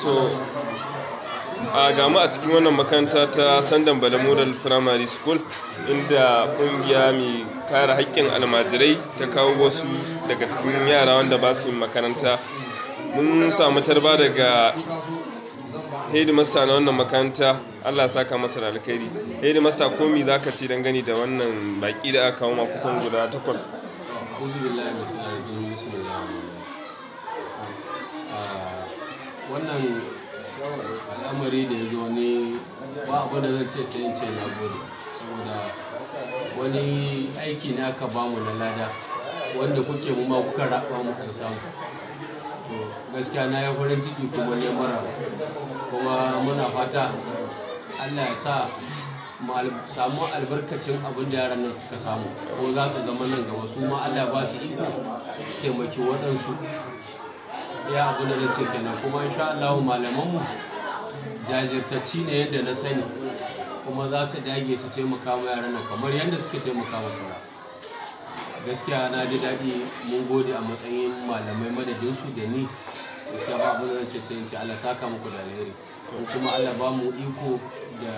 To, a gamu a cikin wannan makaranta ta Sandan Bala Primary School inda kungiya mai kare haƙƙin almajirai ta kawo wasu daga cikin yara wanda ba su yin makaranta. Mun samu tarba daga hedimasta na wannan makaranta Allah saka masa da alkhairi hedimasta komi za ka ci dangane da wannan baki da aka kawo ma kusan guda takwas. wannan al'amari da ya zo ne ba abu da zan ce sai in ce na gode saboda wani aiki ne aka bamu na lada wanda kuke mu ma kuka raba mu kan samu to gaskiya na ya farin ciki kuma ne mara kuma muna fata allah ya sa samu albarkacin abin da yaran nan suka samu ko za su zama nan gaba su ma allah ba su iko su taimaki waɗansu ya abu da zai ce kenan kuma insha Allah malamanmu jajirtacci ne yadda na sani kuma za su dage su taimaka wa yaran nan kamar yadda suke taimaka wa sauran gaskiya na ji daɗi mun gode a matsayin malamai madadin su da ni gaskiya ba abin da zan ce sai in ce Allah saka muku da alheri kuma Allah ba mu iko da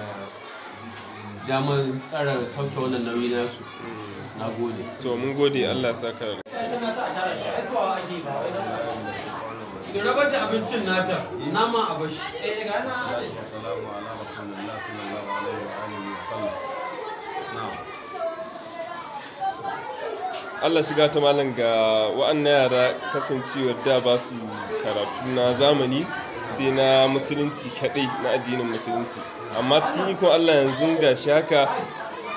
damar tsara sauke wannan nauyi nasu na gode to mun gode Allah saka su raba da abincin nata nama a bashi eh, Allah shiga ta malam ga wa'annan yara kasancewar da ba su karatu na zamani sai na musulunci kadai na addinin musulunci amma cikin iko Allah yanzu ga shi haka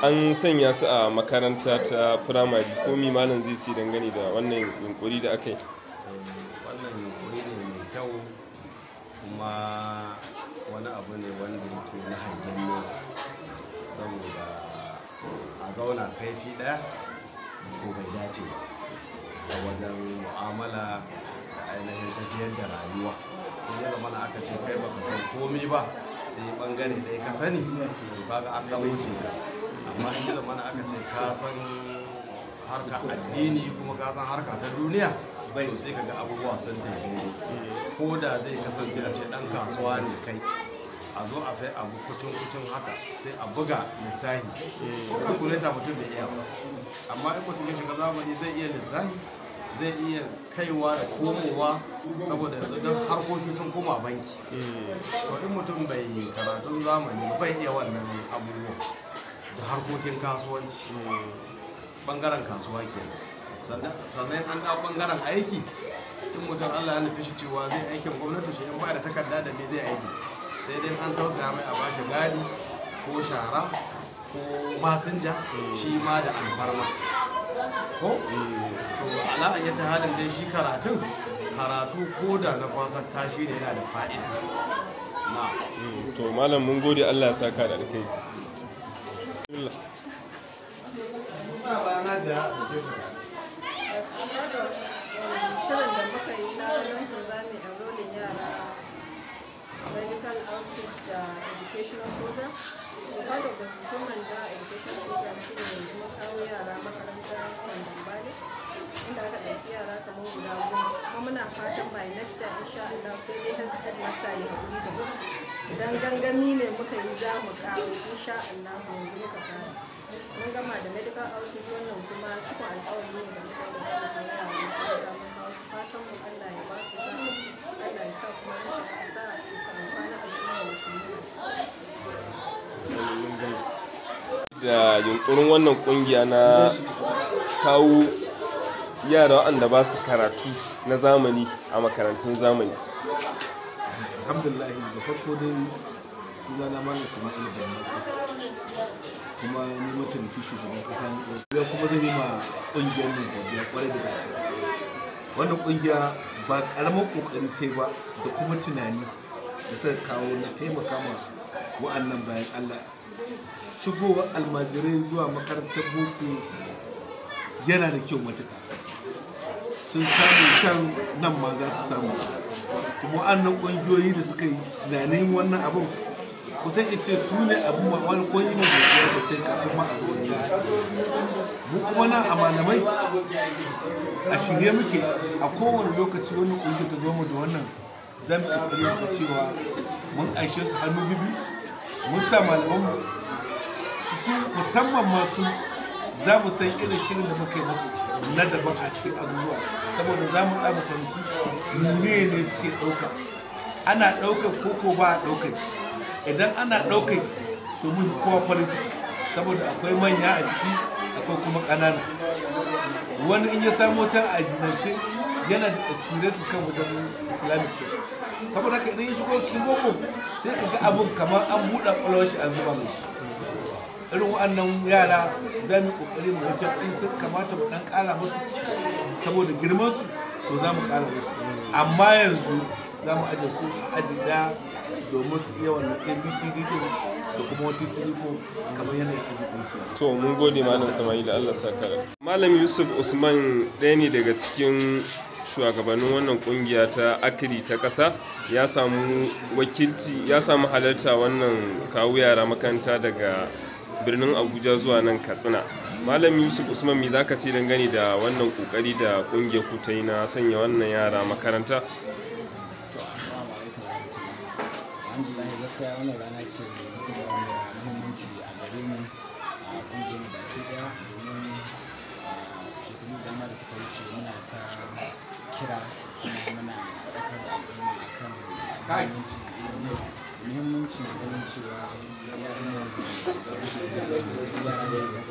an sanya su a makaranta ta firamare komi malam zai ce dangane da wannan yunkuri da aka yi kuma wani abu ne wanda yake na hangen nesa saboda a zauna kaifi ɗaya ko bai dace ba a wajen mu'amala da ainihin tafiyar da rayuwa ko mana aka ce kai baka san komi ba sai bangare ɗaya ka sani ba ga an gama wuce ka amma yana mana aka ce ka san harka addini kuma ka san harka ta duniya bai sai kaga abubuwa sun tafi ko da zai kasance a ce dan kasuwa ne kai a zo a sai abu kucin kucin haka sai a buga lissahi kuma ta mutum da iya amma in mutum ya shiga zamani zai iya lissahi zai iya kaiwa da komowa saboda yanzu don harkoki sun koma banki to in mutum bai karatun zamani bai iya wannan abubuwa da harkokin kasuwanci bangaren kasuwa kenan sannan an da bangaren aiki tun mutum allah ya nufi shi cewa zai aikin gwamnati shi in ba da takarda da me zai aiki sai dai an tausaya mai a bashi gadi ko shara ko masinja shi ma da alfarma ko to ala ta halin dai shi karatun karatu ko da na kwasan tashi ne yana da fa'ida to malam mun gode allah ya saka da alkai Thank you. shirin da muka yi na lancin zamu enrolling yara medical outreach da educational program part of the fulfillment da education program shi ne yanzu kawo yara makarantar sandan bali inda aka ɗauki yara kamar guda goma kuma muna fatan by next year insha Allah sai dai headmaster ya haƙuri da mu idan gangami ne muka yi za mu kawo insha Allah yanzu muka fara mun gama da medical outreach wannan da yunkurin wannan kungiya na kawo yara waɗanda ba su karatu na zamani a makarantun zamani alhamdulahi da farko dai suna na su sama'il da masu kuma ni mataimakin shugaban kasa ya kuma zai ma kungiyar da biya kwarai da gaske wannan kungiya ba karamar kokari ce ba da kuma tunani da suka kawo na taimaka ma wa'annan bayan Allah shigowar almajirai zuwa makarantar boko yana da kyau matuka sun samu shan nan ma za su samu kuma wa'annan ƙungiyoyi da suka yi tunanin wannan abin kusan in ce su ne abin ma wani koyi ne da ya sai kafin ma a wani mu kuma na a malamai a shirye muke a kowane lokaci wani ƙungiya ta zo mu da wannan zan fi ƙoƙari cewa mun aishe su hannu bibi musa malamanmu su musamman masu za mu san irin shirin da muka yi musu na daban a cikin abubuwa saboda za mu ɗamu fahimci ne ne suke ɗauka ana ɗaukar ko ba a ɗaukar idan ana ɗaukar to muhi kowa farin saboda akwai manya a ciki akwai kuma ƙanana wani in ya samo can a jinance yana da experience kan wajen islamic saboda haka idan ya shigo cikin boko sai ka ga abin kamar an buɗa ƙwallon shi a zuba mishi irin wa'annan yara za mu ƙoƙari mu wajen in sun kamata mu ɗan ƙara musu saboda girman su to za mu ƙara musu amma yanzu za mu aje su a aji da domin su iya wannan abcd din da kuma wata tiriko kamar yanayin aji ɗaya to mun gode malam sama'ila allah sa malam yusuf usman ɗaya ne daga cikin shugabannin wannan kungiya ta akiri ta kasa ya samu wakilci ya samu halarta wannan kawo yara makaranta daga birnin abuja zuwa nan katsina malam yusuf usman me zaka ce dangane da wannan kokari da kungiyar ku ta yi na sanya wannan yara makaranta gaskiya rana da muhimmanci a mu a domin shekaru dama da suka wuce muna ta kira mana muna ɗaukar al'umma a kan muhimmancin ganin cewa yaran yanzu yaran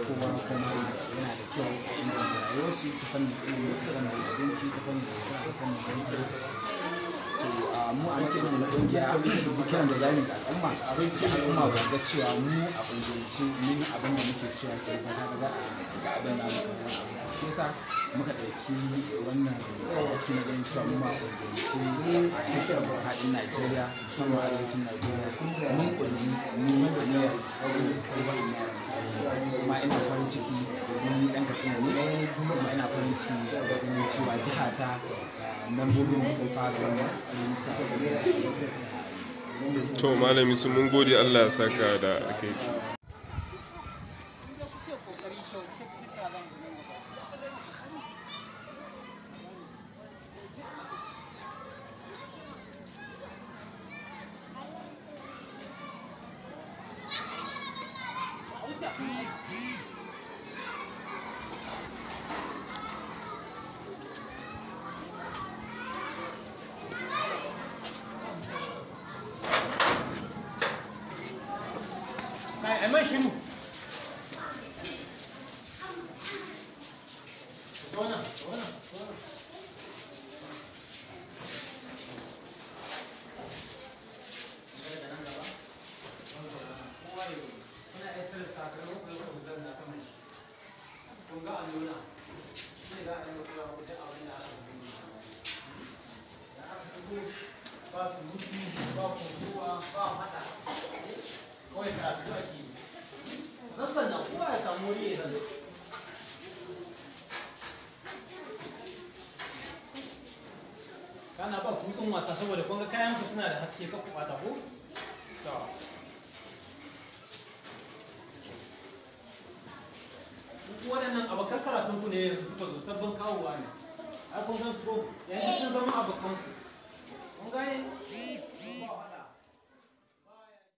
kowa kuma yana da kyau inganta rayuwarsu ta fannin ilimi ta fannin abinci ta fannin sutura ta fannin ganin da sauransu so mu a matsayin mu na kungiya bikin da zamu ga al'umma abin da al'umma ba ga cewa mu a kungiyance mun abin da muke cewa sai ba za a ga abin da muke shi yasa muka ɗauki wannan aiki na ganin cewa mun ƙungiyance dukkan fasadin najeriya musamman arewacin najeriya mun ƙungi mun ƙungiyar kuma ina farin ciki domin ɗan katsina ne kuma ina farin ciki domin cewa jiha ta eh, membobin sun fara wannan domin sa to malami su mun gode allah ya saka da alkhairi 来，买新布。坐上，坐上，坐 kawai na kana ba kusan wasa saboda kwanga kayanku suna da haske ka ku ko to waɗannan abokan karatun ne yanzu suka zo sabbin kawowa ne ai kun su ko yanzu sun zama 問題